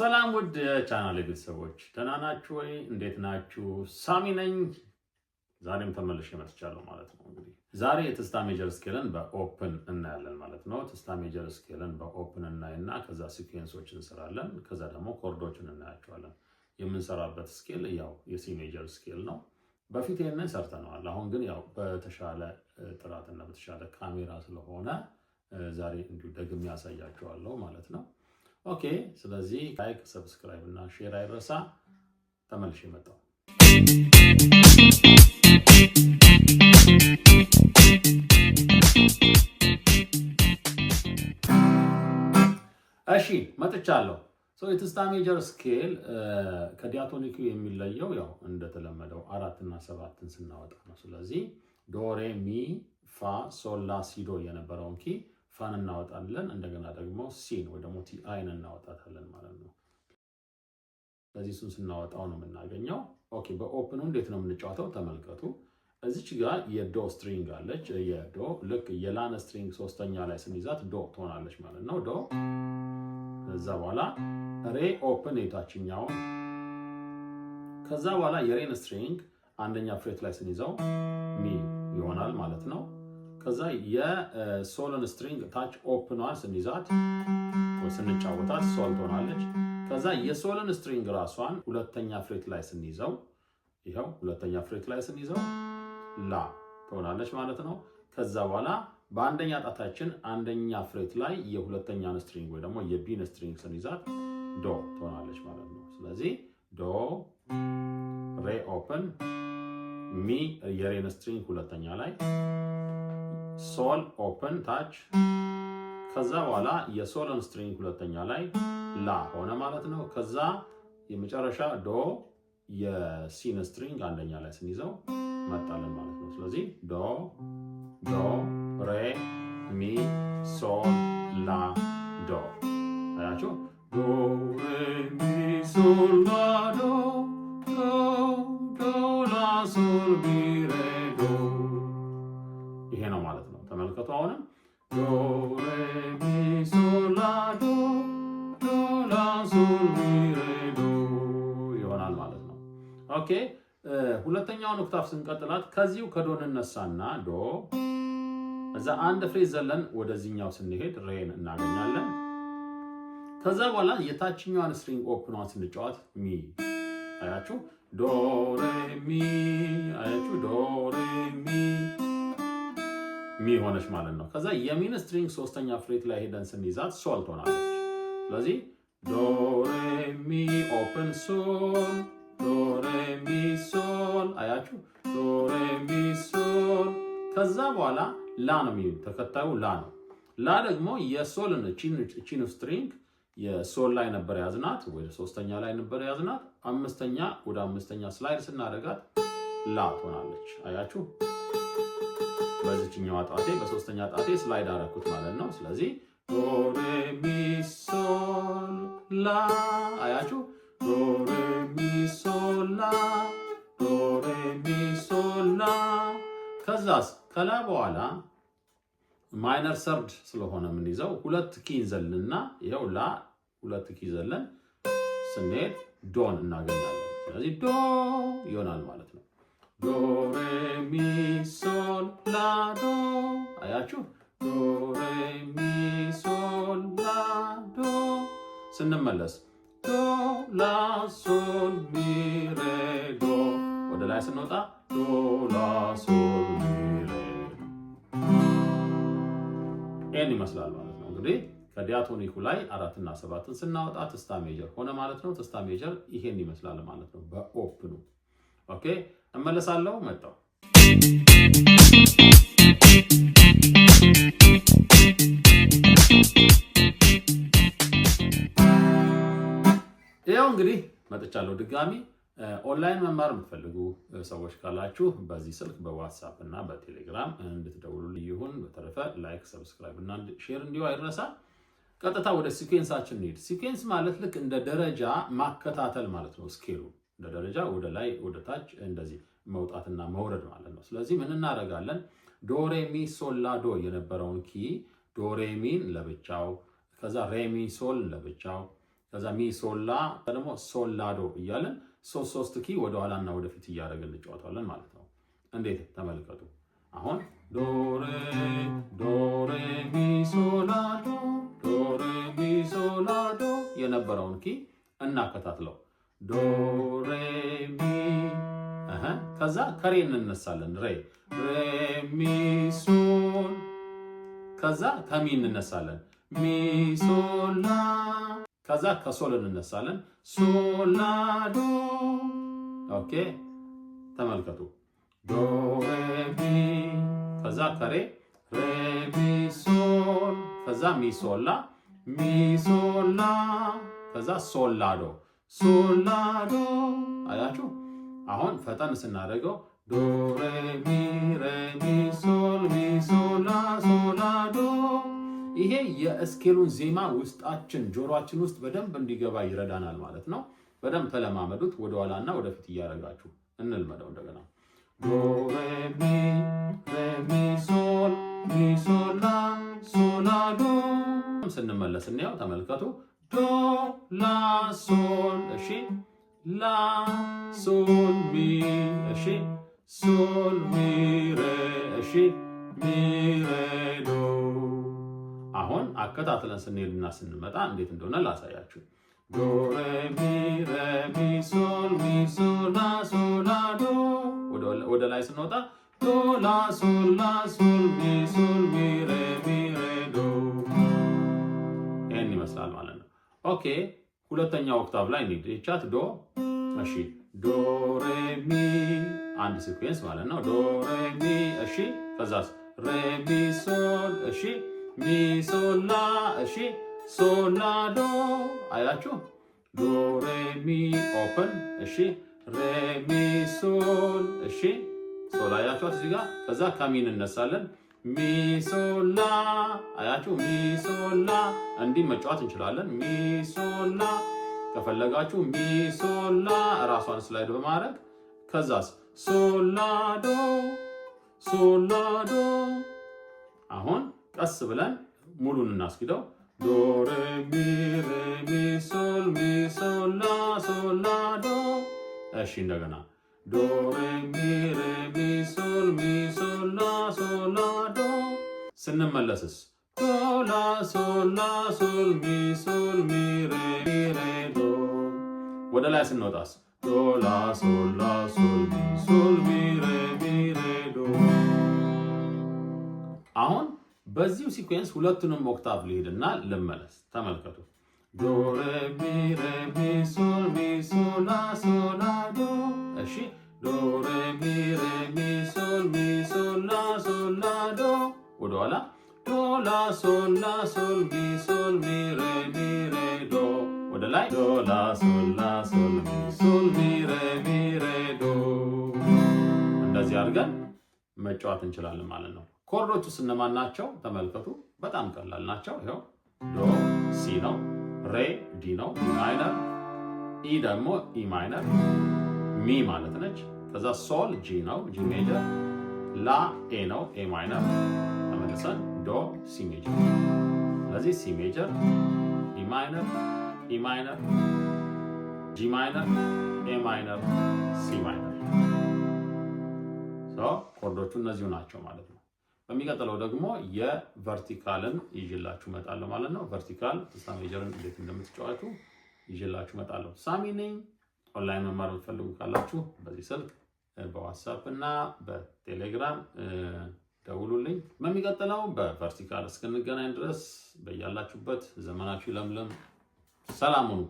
ሰላም ውድ የቻናሌ ቤተሰቦች ደህና ናችሁ ወይ? እንዴት ናችሁ? ሳሚ ነኝ። ዛሬም ተመልሼ መጥቻለሁ ማለት ነው። እንግዲህ ዛሬ የትስታ ሜጀር ስኬልን በኦፕን እናያለን ማለት ነው። ትስታ ሜጀር ስኬልን በኦፕን እናይና ከዛ ሲኩዌንሶች እንሰራለን። ከዛ ደግሞ ኮርዶችን እናያቸዋለን። የምንሰራበት ስኬል ያው የሲ ሜጀር ስኬል ነው። በፊት ይህንን ሰርተነዋል። አሁን ግን ያው በተሻለ ጥራትና በተሻለ ካሜራ ስለሆነ ዛሬ እንዲሁ ደግሜ ያሳያቸዋለሁ ማለት ነው። ኦኬ። ስለዚህ ላይክ፣ ሰብስክራይብ እና ሼር አይረሳ። ተመልሼ መጣሁ። እሺ መጥቻለሁ። ሰው የትስታ ሜጀር ስኬል ከዲያቶኒክ የሚለየው ያው እንደተለመደው እና ሰባትን ስናወጣ ነው። ስለዚህ ዶሬ ሚ ፋ ሶላ ሲዶ የነበረውን ኪ ፋን እናወጣለን። እንደገና ደግሞ ሲን ወይ ደግሞ ቲ አይን እናወጣታለን ማለት ነው። ስለዚህ እሱን ስናወጣው ነው የምናገኘው። ኦኬ በኦፕኑ እንዴት ነው የምንጫወተው? ተመልከቱ። እዚች ጋር የዶ ስትሪንግ አለች። የዶ ልክ የላን ስትሪንግ ሶስተኛ ላይ ስንይዛት ዶ ትሆናለች ማለት ነው። ዶ ከዛ በኋላ ሬ ኦፕን የታችኛውን ከዛ በኋላ የሬን ስትሪንግ አንደኛ ፍሬት ላይ ስንይዘው ሚ ይሆናል ማለት ነው። ከዛ የሶልን ስትሪንግ ታች ኦፕኗል ስንይዛት ስንጫወታት ሶል ትሆናለች። ከዛ የሶልን ስትሪንግ ራሷን ሁለተኛ ፍሬት ላይ ስንይዘው ይኸው ሁለተኛ ፍሬት ላይ ስንይዘው ላ ትሆናለች ማለት ነው። ከዛ በኋላ በአንደኛ ጣታችን አንደኛ ፍሬት ላይ የሁለተኛን ስትሪንግ ወይ ደግሞ የቢን ስትሪንግ ስንይዛት ዶ ትሆናለች ማለት ነው። ስለዚህ ዶ ሬ ኦፕን ሚ የሬን ስትሪንግ ሁለተኛ ላይ ሶል ኦፕን ታች፣ ከዛ በኋላ የሶለን ስትሪንግ ሁለተኛ ላይ ላ ሆነ ማለት ነው። ከዛ የመጨረሻ ዶ የሲን ስትሪንግ አንደኛ ላይ ስንይዘው መጣለን ማለት ነው። ስለዚህ ዶ ዶ ሬ ሚ ሶል ላ ዶ አያችሁ ዶ ሬ ሚ ሶል ላ ራሱን ይሆናል ማለት ነው። ኦኬ ሁለተኛውን ኦክታፍ ስንቀጥላት ከዚሁ ከዶ እነሳና ዶ እዛ አንድ ፍሬ ዘለን ወደዚህኛው ስንሄድ ሬን እናገኛለን። ከዛ በኋላ የታችኛዋን ስትሪንግ ኦፕኗን ስንጫወት ሚ አያችሁ፣ ዶ ሬ ሚ አያችሁ፣ ዶ ሬ ሚ ሚ ሆነች ማለት ነው። ከዛ የሚን ስትሪንግ ሶስተኛ ፍሬት ላይ ሄደን ስንይዛት ሶል ትሆናለች። ስለዚህ ዶሬ ሚ ኦፕን ሶል ዶሬ ሚ ሶል። አያችሁ ዶሬ ሚ ሶል። ከዛ በኋላ ላ ነው የሚሆን። ተከታዩ ላ ነው። ላ ደግሞ የሶል ቺን ስትሪንግ የሶል ላይ ነበር ያዝናት፣ ወደ ሶስተኛ ላይ ነበር ያዝናት። አምስተኛ ወደ አምስተኛ ስላይድ ስናደርጋት ላ ትሆናለች። አያችሁ በዚችኛዋ ጣቴ በሶስተኛ ጣቴ ስላይድ አረኩት ማለት ነው። ስለዚህ ዶሬሚሶል ላ አያችሁ ዶሬሚሶላ ዶሬሚሶላ ከዛስ ከላ በኋላ ማይነር ሰርድ ስለሆነ የምንይዘው ሁለት ኪ እንዘልና ይኸው ላ ሁለት ኪ ዘለን ስንሄድ ዶን እናገኛለን። ስለዚህ ዶ ይሆናል ማለት ነው። ዶሬሚሶል ላዶ አያችሁ ዶሬሚሶል ላ ስንመለስ ዶ ላ ሶል ሚ ሬ ዶ ወደ ላይ ስንወጣ ዶ ላ ሶል ሚ ሬ ይመስላል ማለት ነው። እንግዲህ ከዲያቶኒኩ ላይ አራትና ሰባትን ስናወጣ ትስታ ሜጀር ሆነ ማለት ነው። ትስታ ሜጀር ይሄን ይመስላል ማለት ነው። በኦፕኑ ኦኬ፣ እመለሳለሁ መጣው Thank you. እንግዲህ መጥቻለሁ ድጋሚ። ኦንላይን መማር የምትፈልጉ ሰዎች ካላችሁ በዚህ ስልክ በዋትሳፕ እና በቴሌግራም እንድትደውሉ ይሁን። በተረፈ ላይክ፣ ሰብስክራይብ እና ሼር እንዲሁ አይረሳ። ቀጥታ ወደ ሲኩዌንሳችን እንሂድ። ሲኩዌንስ ማለት ልክ እንደ ደረጃ ማከታተል ማለት ነው። ስኬሉ እንደ ደረጃ ወደ ላይ ወደ ታች እንደዚህ መውጣትና መውረድ ማለት ነው። ስለዚህ ምን እናደርጋለን? ዶሬሚ ሶላዶ የነበረውን ኪ ዶሬሚን ለብቻው፣ ከዛ ሬሚ ሶል ለብቻው ከዛ ሚ ሶላ ደግሞ ሶላዶ እያለን ሶስት ሶስት ኪ ኋላና ወደፊት እያደረግን እንጫወታለን ማለት ነው። እንዴት ተመልከቱ። አሁን ዶሬ ዶሬ ሚ ሶላዶ ዶሬ ሚ ሶላዶ የነበረውን ኪ እናከታትለው ዶሬ ሚ ከዛ ከሬ እንነሳለን ሬ ሬ ሚ ሶል ከዛ ከሚ እንነሳለን ሚ ሶላ ከዛ ከሶል እንነሳለን። ሶላዶ ኦኬ። ተመልከቱ ዶ ሬሚ ከዛ ከሬ ሬሚ ሶል ከዛ ሚሶላ ሚሶላ ከዛ ሶላዶ ሶላዶ። አያችሁ አሁን ፈጠን ስናደርገው ዶ ሬሚ ሬሚ ሶል ሚሶላ ሶላዶ ይሄ የእስኬሉን ዜማ ውስጣችን ጆሮአችን ውስጥ በደንብ እንዲገባ ይረዳናል ማለት ነው። በደንብ ተለማመዱት። ወደኋላ ወደኋላና ወደፊት እያደረጋችሁ እንልመደው እንደገና ዶ ሬሚ ሬሚ ሶል ሚ ሶላ ሶላ ዶ ስንመለስ እንያው ተመልከቱ። ዶ ላ ሶል እሺ ላ ሶል ሚ እሺ ሶል ሚ ሬ እሺ ሚ ሬ ዶ አሁን አከታትለን ስንሄድና ስንመጣ እንዴት እንደሆነ ላሳያችሁ። ዶ ሬሚ ሬሚ ሶል ሚ ሶል ላ ሶል ላ ዶ ወደ ላይ ስንወጣ ዶ ላ ሶል ላ ሶል ሚ ሶል ሚ ሬሚ ሬ ዶ ይህን ይመስላል ማለት ነው። ኦኬ ሁለተኛ ኦክታቭ ላይ እንሂድ። ይቻት ዶ እሺ ዶ ሬ ሚ አንድ ሲኩዌንስ ማለት ነው። ዶ ሬ ሚ እሺ ከዛስ ሬ ሚ ሶል እሺ ሚ ሶላ እሺ ሶላ ዶ አይላችሁ ዶ ሬሚ ኦፕን እሺ ሬሚ ሶል እሺ ሶላ አይላችኋት እዚህ ጋር ከዛ ካሚን እነሳለን ሚ ሶላ አያችሁ ሚ ሶላ እንዲህ መጫወት እንችላለን ሚ ሶላ ከፈለጋችሁ ሚ ሶላ ራሷን ስላይድ በማድረግ ከዛስ ሶላዶ ሶላዶ አሁን ቀስ ብለን ሙሉን እናስኪደው ዶ ሬ ሚ ሬ ሚ ሶል ሚ ሶል ላ ሶል ላ ዶ። እሺ እንደገና ዶ ሬ ሚ ሬ ሚ ሶል ሚ ሶል ላ ሶል ላ ዶ። ስንመለስስ ዶ ላ ሶል ላ ሶል ሚ ሶል ሚ ሬ ሚ ሬ ዶ። ወደ ላይ ስንወጣስ ዶ ላ ሶል ላ ሶል ሚ ሶል ሚ ሬ ሚ ሬ ዶ። አሁን በዚሁ ሲኩዌንስ ሁለቱንም ኦክታቭ ልሄድና ልመለስ። ተመልከቱ። ዶረሚ ረሚ ዶ። እሺ ዶ። ወደኋላ ሬ ዶ። ወደ ላይ ሬ ዶ። እንደዚህ አድርገን መጫወት እንችላለን ማለት ነው። ኮርዶቹ ስነማን ናቸው? ተመልከቱ። በጣም ቀላል ናቸው። ይኸው ዶ ሲ ነው፣ ሬ ዲ ነው ማይነር፣ ኢ ደግሞ ኢ ማይነር ሚ ማለት ነች። ከዛ ሶል ጂ ነው፣ ጂ ሜጀር፣ ላ ኤ ነው፣ ኤ ማይነር፣ ተመልሰን ዶ ሲ ሜጀር። ስለዚህ ሲ ሜጀር፣ ኢ ማይነር፣ ኢ ማይነር፣ ጂ ማይነር፣ ኤ ማይነር፣ ሲ ማይነር። ኮርዶቹ እነዚሁ ናቸው ማለት ነው። በሚቀጥለው ደግሞ የቨርቲካልን ይዤላችሁ እመጣለሁ ማለት ነው። ቨርቲካል ትስታ ሜጀርን እንዴት እንደምትጫወቱ ይዤላችሁ እመጣለሁ። ሳሚ ነኝ። ኦንላይን መማር የምትፈልጉ ካላችሁ በዚህ ስልክ በዋትሳፕ እና በቴሌግራም ደውሉልኝ። በሚቀጥለው በቨርቲካል እስክንገናኝ ድረስ በያላችሁበት ዘመናችሁ ለምለም፣ ሰላም ሁኑ።